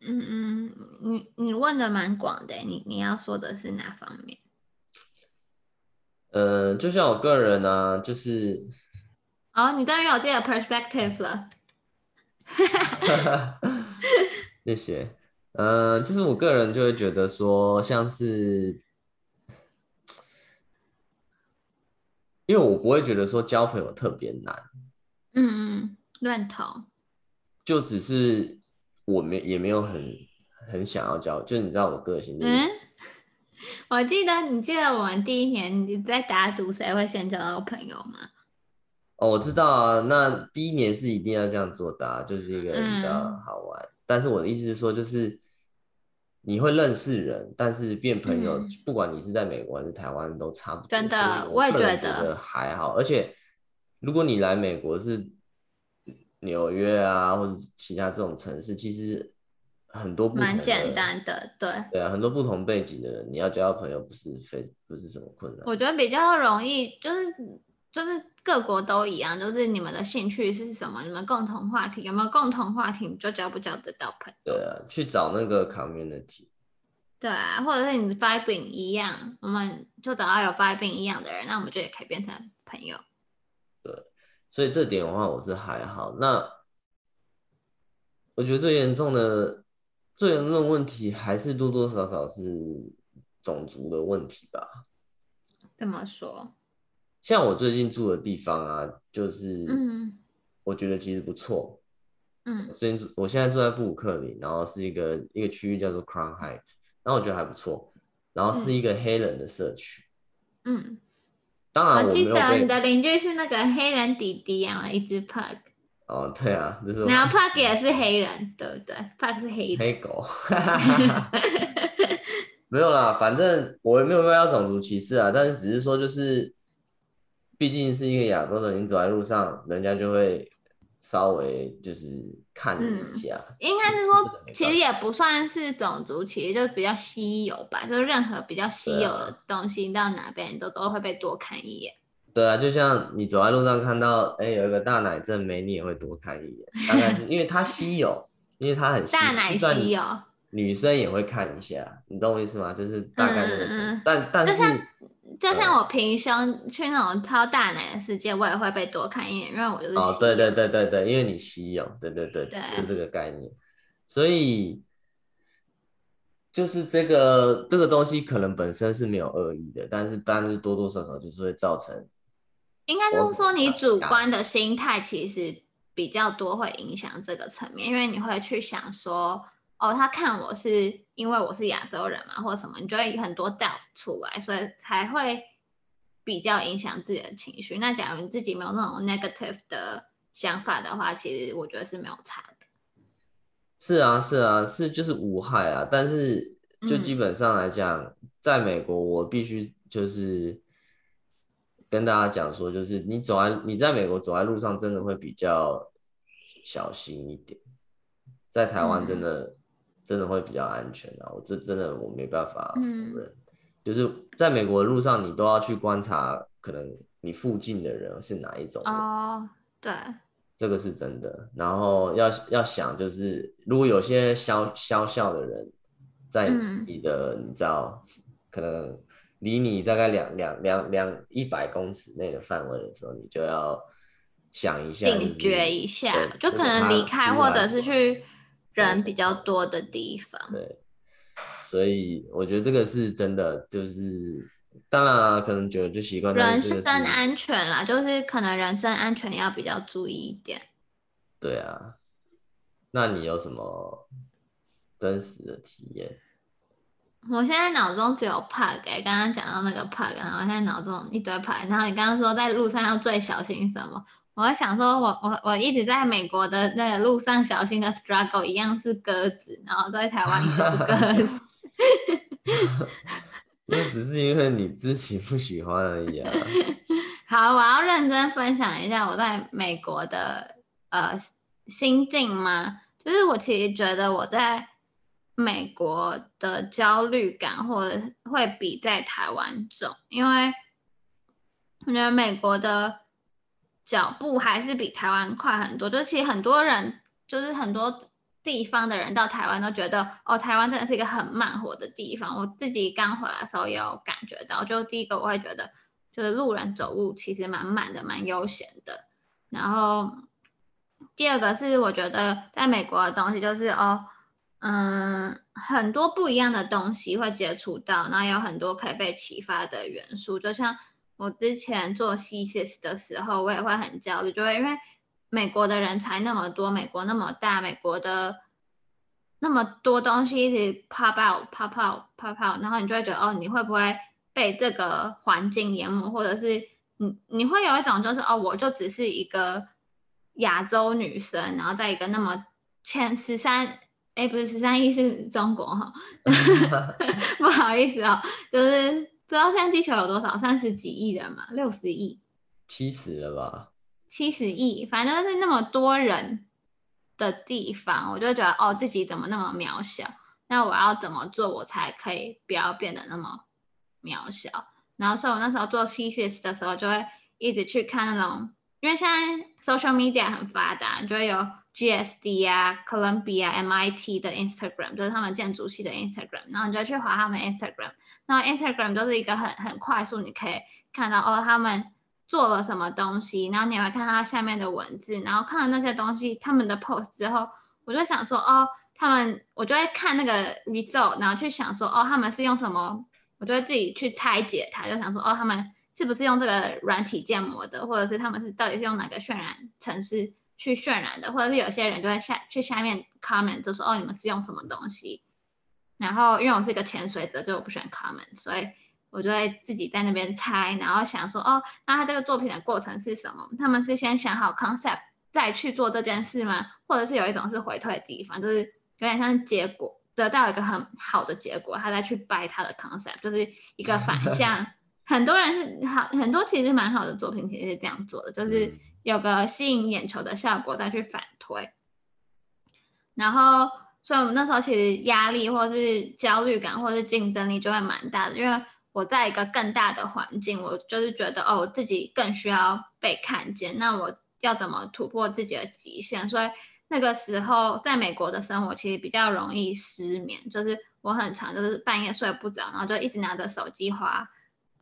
嗯，你你問的蠻廣的，你你要說的是哪方面？嗯、呃，就像我個人呢、啊，就是，哦，你當然有這個 perspective 了， 謝謝。嗯、呃，就是我個人就會覺得說，像是。因為我不會覺得說交朋友特別難，嗯嗯，亂投，就只是我沒也沒有很很想要交，就是你知道我個性，就是，嗯，我記得你記得我們第一年你在打賭誰會先交到朋友嗎？哦，我知道啊，那第一年是一定要這樣做的啊，就是一個比較好玩。嗯嗯，但是我的意思是說，就是。你會認識人，但是變朋友，嗯，不管你是在美國還是台灣，都差不多。真的，我也覺得還好。而且，如果你來美國是紐約啊，或者其他這種城市，其實很多不同的，蠻簡單的，對對啊，很多不同背景的人，你要交朋友，不是非不是什麼困難。我覺得比較容易，就是。就是各國都一樣，就是你們的興趣是什麼？你們的共同話題有沒有共同話題？你就交不交得到朋友？對啊，去找那個 community。對啊，或者是你 vibe 一樣，我們就找到有 vibe 一樣的人，那我們就也可以變成朋友。對，所以這點的話，我是還好。那我覺得最嚴重的、最嚴重的問題還是多多少少是種族的問題吧？這麼說？像我最近住的地方啊，就是，我覺得其實不錯、嗯。嗯，最近我現在住在布魯克林，然後是一個一個區域叫做 Crown Heights，然後我覺得還不錯。然後是一個黑人的社區。嗯，當然我、嗯哦、記得你的鄰居是那個黑人弟弟養了一隻 Pug。哦，對啊，就是。然後 Pug 也是黑人，對不對？Pug 是黑人。 黑狗。 沒有啦，反正我也沒有要種族歧視啊，但是只是說就是。畢竟是一個亞洲人，你走在路上，人家就會稍微就是看你一下、嗯。應該是說，其實也不算是種族歧視，其實就是比較稀有吧。就是任何比較稀有的東西，啊、到哪邊你都都會被多看一眼。對啊，就像你走在路上看到，哎、欸，有一個大奶正妹，你也會多看一眼，大概是因為它稀有， 因為它很大奶稀有，女生也會看一下，你懂我意思嗎？就是大概這個程度、嗯，但但是。就像我平胸去那種超大奶的世界，嗯，我也會被多看一眼，因為我就是哦，對對對對對，因為你稀有，對對對，是這個概念，所以就是這個這個東西可能本身是沒有惡意的，但是但是多多少少就是會造成，應該是說你主觀的心態其實比較多會影響這個層面，因為你會去想說。哦，他看我是因為我是亞洲人嘛，或者什麼，你就有很多 doubt 出來，所以才會比較影響自己的情緒。那假如你自己沒有那種 negative 的想法的話，其實我覺得是沒有差的。是啊，是啊，是就是無害啊。但是就基本上來講、嗯，在美國，我必須就是跟大家講說，就是你走在你在美國走在路上，真的會比較小心一點。在台灣真的、嗯。真的會比較安全。然、啊、我這真的我沒辦法否認、嗯，就是在美國的路上，你都要去觀察，可能你附近的人是哪一種人哦，對，這個是真的。然後要要想，就是如果有些消消笑的人，在你的、嗯、你知道，可能離你大概兩兩兩兩一百公尺內的範圍的時候，你就要想一下、就是，警覺一下，就可能離開或者是去。人比較多的地方，對，所以我覺得這個是真的，就是當然、啊、可能久了就習慣。人身安全啦，就是可能人身安全要比較注意一點。對啊，那你有什麼真實的體驗？我現在腦中只有 park，欸，剛剛講到那個 park，然後現在腦中一堆 park，然後你剛剛說在路上要最小心什麼？我想說我，我我我一直在美國的那個路上，小心的 struggle 一樣是鴿子，然後在台灣也是鴿子。那只是因為你自己不喜歡而已啊。好，我要認真分享一下我在美國的呃心境嗎？就是我其實覺得我在美國的焦慮感，或者會比在台灣重，因為我覺得美國的。腳步還是比台灣快很多，就其實很多人就是很多地方的人到台灣都覺得，哦，台灣真的是一個很慢活的地方。我自己剛回來的時候也有感覺到，就第一個我會覺得，就是路人走路其實蠻慢的，蠻悠閒的。然後第二個是我覺得在美國的東西，就是哦，嗯，很多不一樣的東西會接觸到，然後有很多可以被啟發的元素，就像。我之前做 CSIS 的時候，我也會很焦慮，就會因為美國的人才那麼多，美國那麼大，美國的那麼多東西一直 pop out，pop out，pop out，然後你就會覺得哦，你會不會被這個環境淹沒，或者是你你會有一種就是哦，我就只是一個亞洲女生，然後在一個那麼前十三，哎，不是十三億是中國哈，呵呵 不好意思哦，就是。不知道現在地球有多少？三十幾億人嘛，六十億、七十了吧？七十億，反正是那麼多人的地方，我就覺得哦，自己怎麼那麼渺小？那我要怎麼做，我才可以不要變得那麼渺小？然後所以，我那時候做 thesis 的時候，就會一直去看那種，因為現在 social media 很發達，就會有。GSD 啊，Columbia，MIT 的 Instagram，就是他們建築系的 Instagram。然後你就要去划他們 Instagram，然後 Instagram 都是一個很很快速，你可以看到哦他們做了什麼東西，然後你也會看到他下面的文字，然後看了那些東西，他們的 post 之後，我就想說哦他們，我就會看那個 result，然後去想說哦他們是用什麼，我就會自己去拆解它，就想說哦他們是不是用這個軟體建模的，或者是他們是到底是用哪個渲染程式去渲染的，或者是有些人就會下去下面 comment 就說哦，你們是用什麼東西？然後因為我是一個潛水者，就我不喜歡 comment，所以我就會自己在那邊猜，然後想說哦，那他這個作品的過程是什麼？他們是先想好 concept 再去做這件事嗎？或者是有一種是回退的地方，就是有點像結果得到一個很好的結果，他再去掰他的 concept，就是一個反向。 很多人是好很多，其實蠻好的作品其實是這樣做的，就是。嗯有個吸引眼球的效果，再去反推。然後，所以我們那時候其實壓力，或是焦慮感，或是競爭力就會蠻大的，因為我在一個更大的環境，我就是覺得哦，我自己更需要被看見。那我要怎麼突破自己的極限？所以那個時候在美國的生活，其實比較容易失眠，就是我很常就是半夜睡不着，然後就一直拿着手機滑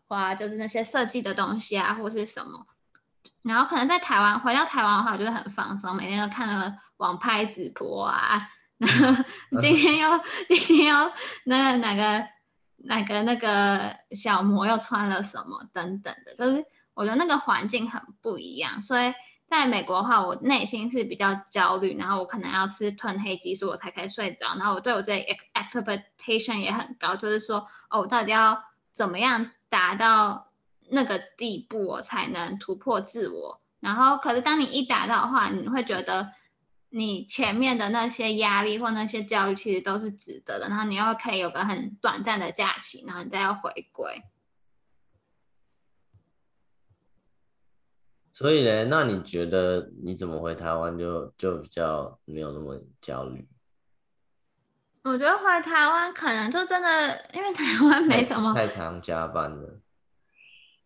滑，就是那些設計的東西啊，或是什麼。然後可能在台灣，回到台灣的話，我覺得很放鬆，每天都看了網拍直播啊，然後今天又、啊、今天又那個哪個哪、那個那個小模又穿了什麼等等的，就是我覺得那個環境很不一樣。所以在美國的話，我內心是比較焦慮，然後我可能要吃褪黑激素我才可以睡着，然後我對我自己 expectation 也很高，就是說哦，我到底要怎麼樣達到？那個地步，我才能突破自我。然後，可是當你一達到的話，你會覺得你前面的那些壓力或那些教育其實都是值得的。然後，你又可以有個很短暫的假期，然後你再要回歸。所以呢，那你覺得你怎麼回台灣就就比較沒有那麼焦慮？我覺得回台灣可能就真的，因為台灣沒什麼太，太常加班的。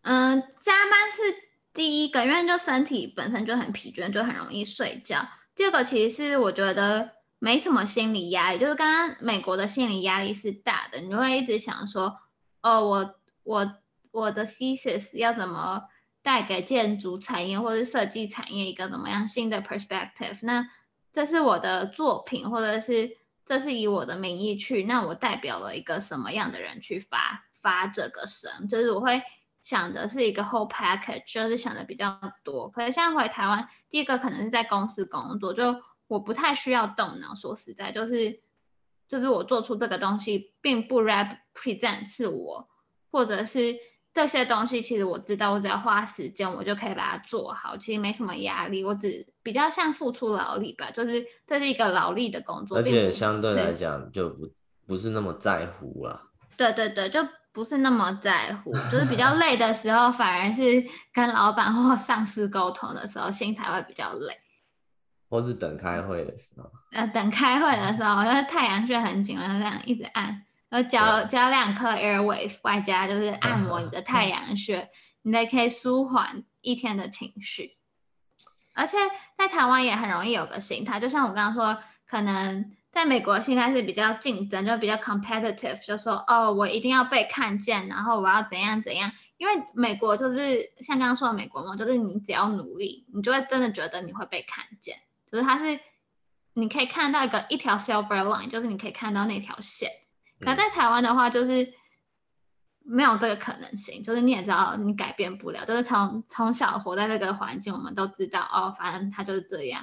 嗯，加班是第一個，因為就身體本身就很疲倦，就很容易睡覺。第二個其實是我覺得沒什麼心理壓力，就是剛剛美國的心理壓力是大的，你會一直想說，哦，我我我的 thesis 要怎麼帶給建築產業或者是設計產業一個怎麼樣新的 perspective？那這是我的作品，或者是這是以我的名義去，那我代表了一個什麼樣的人去發發這個聲？就是我會。想的是一個 whole package，就是想的比較多。可是現在回台灣，第一個可能是在公司工作，就我不太需要動腦。說實在，就是就是我做出這個東西，並不 represent 是我，或者是這些東西，其實我知道，我只要花時間，我就可以把它做好，其實沒什麼壓力。我只比較像付出勞力吧，就是這是一個勞力的工作，而且相對來講就不不是那麼在乎了啊。對對對，就。不是那麼在乎，就是比較累的時候， 反而是跟老板或上司溝通的時候，心才會比較累。或是等開會的時候，呃，等開會的時候，因、嗯、為太陽穴很緊，我就這樣一直按，然後嚼嚼兩顆、嗯、Airwaves，外加就是按摩你的太陽穴， 你就可以舒緩一天的情緒。而且在台灣也很容易有個心態，就像我剛剛說，可能。在美國現在是比較競爭，就比較 competitive，就說哦，我一定要被看見，然後我要怎樣怎樣。因為美國就是像剛剛說的美國夢，就是你只要努力，你就會真的覺得你會被看見，就是它是你可以看到一個一條 silver line，就是你可以看到那條線。可是在台灣的話，就是沒有這個可能性，就是你也知道你改變不了，就是從從小活在這個環境，我們都知道哦，反正它就是這樣。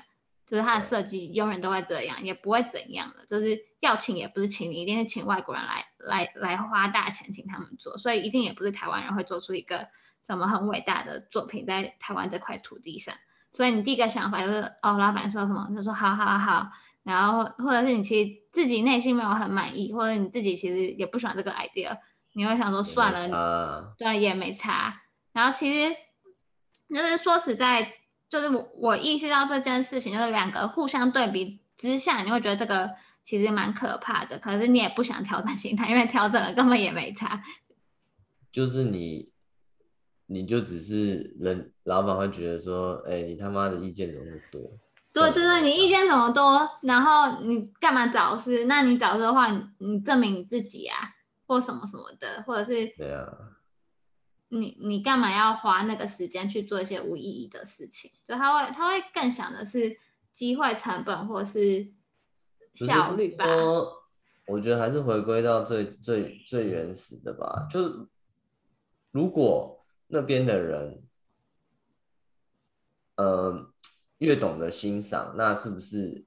就是他的設計，永遠都會這樣、嗯，也不會怎樣的，就是要請也不是請你，一定是請外國人來來來花大錢請他們做，所以一定也不是台灣人會做出一個什麼很偉大的作品在台灣這塊土地上。所以你第一個想法就是，哦，老板說什麼，他說好，好，好。然後或者是你其實自己內心沒有很滿意，或者你自己其實也不喜歡這個 idea，你會想說算了，嗯、對，也沒差。然後其實就是說實在。就是我，我意識到這件事情，就是兩個互相對比之下，你會覺得這個其實蠻可怕的。可是你也不想調整心態，因為調整了根本也沒差。就是你，你就只是人，老闆會覺得說，哎、欸，你他媽的意見怎麼多？對，對，對，就是你意見怎麼多，然後你幹嘛找事？那你找事的話你，你證明你自己啊，或什麼什麼的，或者是對啊。你你幹嘛要花那個時間去做一些無意義的事情？所以他會他會更想的是機會成本或是效率吧。我覺得還是回歸到最最最原始的吧。就如果那邊的人，嗯、呃，越懂得欣賞，那是不是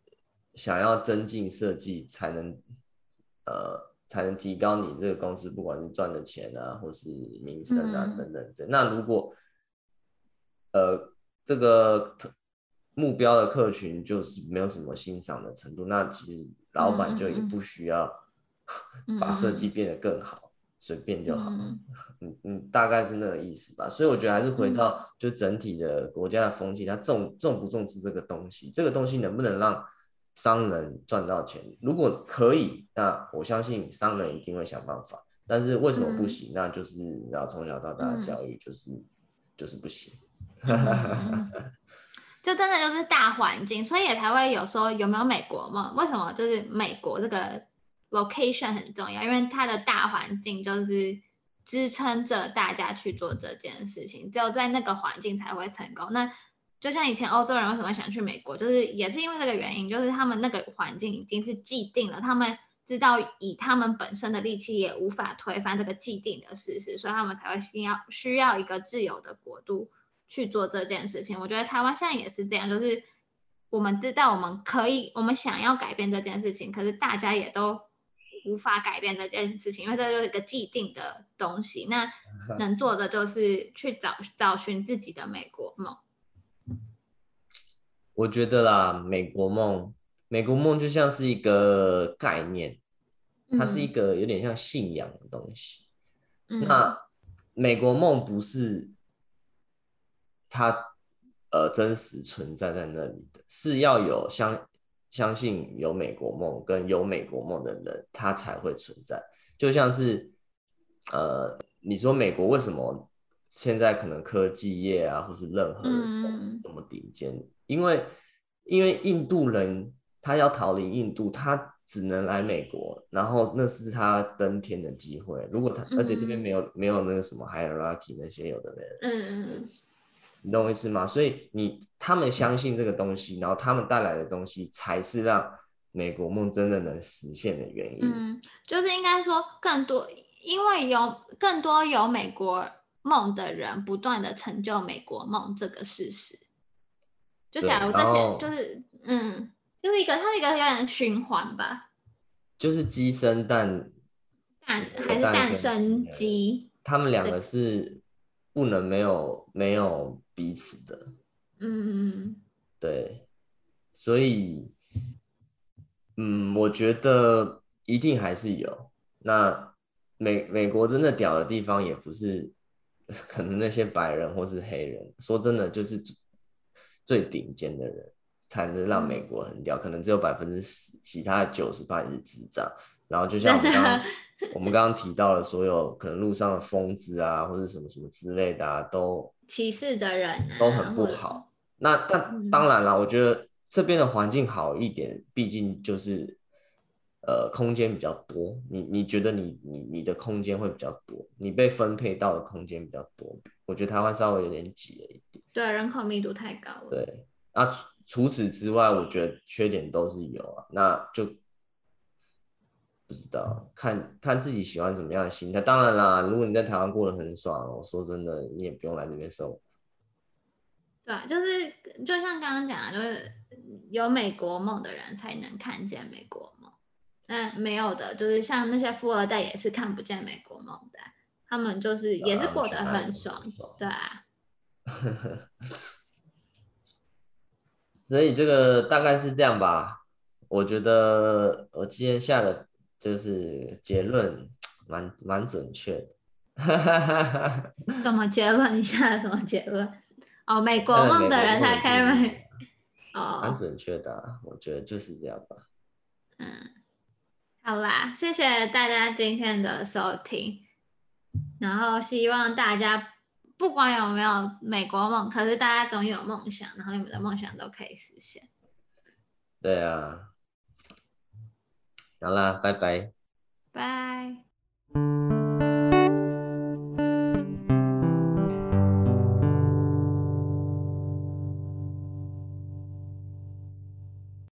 想要增進設計才能，呃？才能提高你這個公司不管是賺的錢啊，或是名聲啊等等這，嗯嗯。那如果呃這個目標的客群就是沒有什麼欣賞的程度，那其實老板就也不需要把設計變得更好，隨、嗯嗯、便就好。嗯嗯，大概是那個意思吧。所以我覺得還是回到就整體的國家的風氣，他、嗯嗯、重重不重視這個東西？這個東西能不能讓？商人賺到錢，如果可以，那我相信商人一定會想辦法。但是為什麼不行？嗯、那就是你要從小到大的教育就是、嗯，就是不行。嗯、 就真的就是大環境，所以也才會有說有沒有美國夢？為什麼？就是美國這個 location 很重要，因為它的大環境就是支撐着大家去做這件事情，只有在那個環境才會成功。那。就像以前歐洲人為什麼想去美國，就是也是因為這個原因，就是他們那個環境已經是既定了，他們知道以他們本身的力氣也無法推翻這個既定的事實，所以他們才會需要需要一個自由的國度去做這件事情。我覺得台灣現在也是這樣，就是我們知道我們可以，我們想要改變這件事情，可是大家也都無法改變這件事情，因為這就是一個既定的東西。那能做的就是去找找尋自己的美國夢。我覺得啦，美國夢，美國夢就像是一個概念，它是一個有點像信仰的東西。嗯，那美國夢不是它呃真實存在在那裡的，是要有相相信有美國夢跟有美國夢的人，它才會存在。就像是呃，你說美國為什麼？現在可能科技業啊，或是任何公司這麼頂尖，嗯，因為因為印度人他要逃離印度，他只能來美國，然後那是他登天的機會。如果他、嗯、而且這邊沒有沒有那個什麼 hierarchy 那些有的人，嗯嗯嗯，你懂我意思嗎？所以你他們相信這個東西，然後他們帶來的東西，才是讓美國夢真的能實現的原因。嗯，就是應該說更多，因為有更多有美國。夢的人不斷的成就美國夢這個事實，就假如這些就是嗯，就是一個它是一個很循環吧，就是雞生蛋，蛋還是蛋生雞，他們兩個是不能沒有沒有彼此的，嗯，對，所以嗯，我覺得一定還是有，那美美國真的屌的地方也不是。可能那些白人或是黑人，說真的，就是最頂尖的人才能讓美國很屌。可能只有百分之十，其他九十八也是智障。然後就像我們剛剛 我們剛剛提到的所有可能路上的瘋子啊，或者什麼什麼之類的啊，都歧視的人、啊、都很不好。那但當然了，我覺得這邊的環境好一點，畢竟就是。呃，空間比較多，你你覺得你你你的空間會比較多，你被分配到的空間比較多，我覺得台灣稍微有點擠了一點。對，人口密度太高了。對，那、啊、除此之外，我覺得缺點都是有啊，那就不知道看看自己喜歡怎麼樣的心態。當然啦，如果你在台灣過得很爽，我說真的，你也不用來這邊生活。對、啊，就是就像剛剛講的，就是有美國夢的人才能看見美國。嗯，沒有的，就是像那些富二代也是看不見美國夢的，他們就是也是過得很爽、啊、很爽，對啊。所以這個大概是這樣吧，我覺得我今天下的就是結論蠻，蠻蠻準確的。什 麼結論？你下的什麼結論？哦，美國夢的人才開會、嗯、哦，蠻準確的、啊，我覺得就是這樣吧。嗯。好啦，謝謝大家今天的收聽，然後希望大家不管有沒有美國夢，可是大家總有夢想，然後你們的夢想都可以實現。對啊，好啦，拜拜。拜。